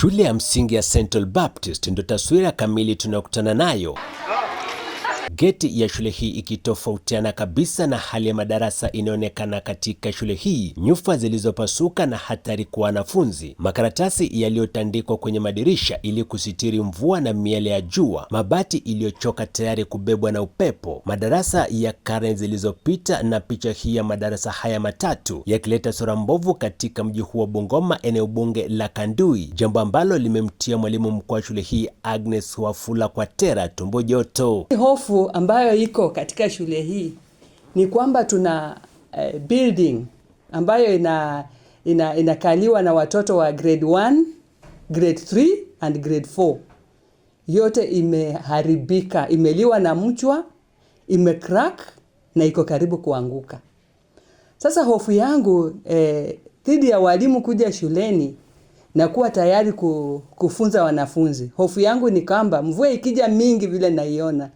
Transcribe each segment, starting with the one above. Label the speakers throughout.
Speaker 1: Shule ya msingi ya Central Baptist ndio taswira kamili tunayokutana nayo. Geti ya shule hii ikitofautiana kabisa na hali ya madarasa inaonekana katika shule hii, nyufa zilizopasuka na hatari kwa wanafunzi, makaratasi yaliyotandikwa kwenye madirisha ili kusitiri mvua na miale ya jua, mabati iliyochoka tayari kubebwa na upepo, madarasa ya karne zilizopita na picha hii ya madarasa haya matatu yakileta sura mbovu katika mji huu wa Bungoma, eneo bunge la Kandui, jambo ambalo limemtia mwalimu mkuu wa shule hii Agnes Wafula Kwatera tumbo joto
Speaker 2: hofu ambayo iko katika shule hii ni kwamba tuna uh, building ambayo ina ina inakaliwa na watoto wa grade 1, grade 3 and grade 4. Yote imeharibika, imeliwa na mchwa, imecrack na iko karibu kuanguka. Sasa hofu yangu eh, dhidi ya walimu kuja shuleni na kuwa tayari kufunza wanafunzi. Hofu yangu ni kwamba mvua ikija mingi vile naiona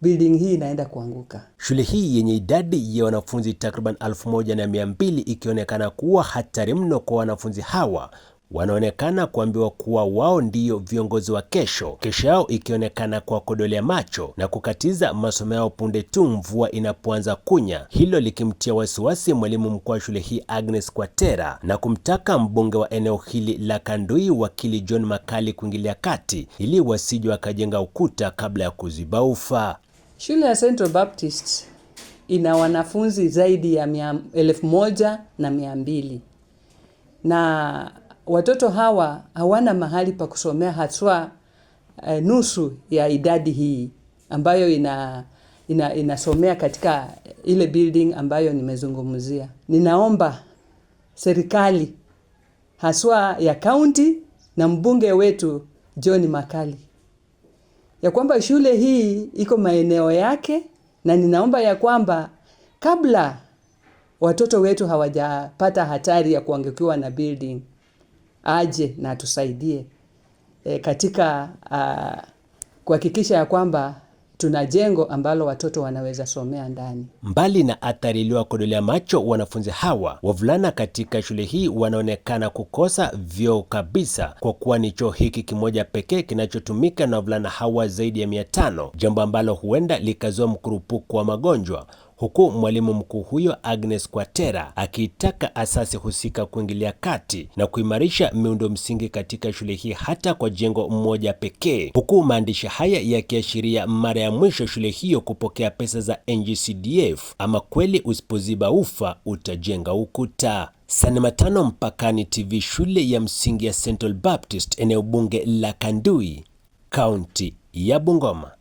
Speaker 2: building hii inaenda kuanguka.
Speaker 1: Shule hii yenye idadi ya wanafunzi takriban elfu moja na mia mbili ikionekana kuwa hatari mno kwa wanafunzi hawa wanaonekana kuambiwa kuwa wao ndiyo viongozi wa kesho, kesho yao ikionekana kwa kodolea macho na kukatiza masomo yao punde tu mvua inapoanza kunya, hilo likimtia wasiwasi mwalimu mkuu wa shule hii Agnes Kwatera na kumtaka mbunge wa eneo hili la Kandui wakili John Makali kuingilia kati ili wasije wakajenga ukuta kabla ya kuziba ufa.
Speaker 2: Shule ya Central Baptist ina wanafunzi zaidi ya elfu moja na mia mbili na watoto hawa hawana mahali pa kusomea haswa e, nusu ya idadi hii ambayo ina ina inasomea katika ile building ambayo nimezungumzia. Ninaomba serikali haswa ya kaunti na mbunge wetu John Makali ya kwamba shule hii iko maeneo yake, na ninaomba ya kwamba kabla watoto wetu hawajapata hatari ya kuangukiwa na building, aje na atusaidie e, eh, katika ah, kuhakikisha ya kwamba tuna jengo ambalo watoto wanaweza somea ndani.
Speaker 1: Mbali na athari iliyowakodolea macho wanafunzi hawa, wavulana katika shule hii wanaonekana kukosa vyoo kabisa, kwa kuwa ni choo hiki kimoja pekee kinachotumika na wavulana hawa zaidi ya mia tano, jambo ambalo huenda likazua mkurupuko wa magonjwa huku mwalimu mkuu huyo Agnes Kwatera akiitaka asasi husika kuingilia kati na kuimarisha miundo msingi katika shule hii hata kwa jengo mmoja pekee, huku maandishi haya yakiashiria mara ya mwisho shule hiyo kupokea pesa za NGCDF. Ama kweli usipoziba ufa utajenga ukuta. Sani Matano, Mpakani TV, shule ya msingi ya Central Baptist, eneo bunge la Kandui, kaunti ya Bungoma.